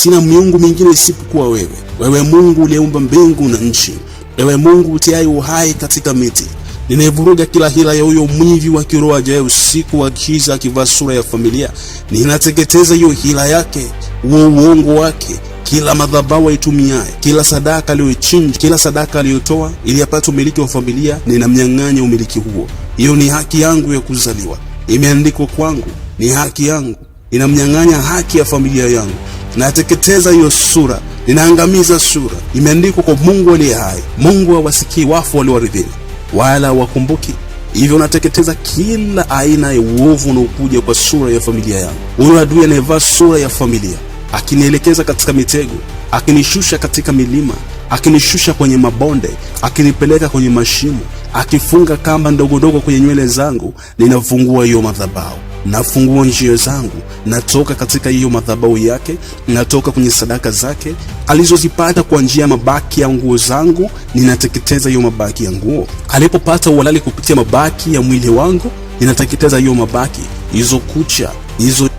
Sina miungu mingine isipokuwa wewe. Wewe Mungu uliyeumba mbingu na nchi, wewe Mungu utiaye uhai katika miti. Ninaivuruga kila hila ya huyo mwivi wa kiroho ajaye usiku wa kiza akivaa sura ya familia. Ninateketeza hiyo hila yake, huo uongo wake, kila madhabahu aitumiaye, kila sadaka aliyoichinja, kila sadaka aliyotoa ili apate umiliki wa familia, ninamnyang'anya umiliki huo. Hiyo ni haki yangu ya kuzaliwa, imeandikwa kwangu, ni haki yangu, Ninamnyang'anya haki ya familia yangu nateketeza hiyo sura, linaangamiza sura. Imeandikwa kwa Mungu aliye hai, Mungu hawasikii wafu walioridhini, wala hawakumbuki. Hivyo unateketeza kila aina ya uovu unaokuja kwa sura ya familia yangu. Huyo adui anayevaa sura ya familia, akinielekeza katika mitego, akinishusha katika milima, akinishusha kwenye mabonde, akinipeleka kwenye mashimo, akifunga kamba ndogo ndogo kwenye nywele zangu, ninafungua hiyo madhabahu nafungua njia zangu, natoka katika hiyo madhabahu yake, natoka kwenye sadaka zake alizozipata kwa njia ya mabaki ya nguo zangu, ninateketeza hiyo mabaki ya nguo. Alipopata uhalali kupitia mabaki ya mwili wangu, ninateketeza hiyo mabaki, hizo kucha, hizo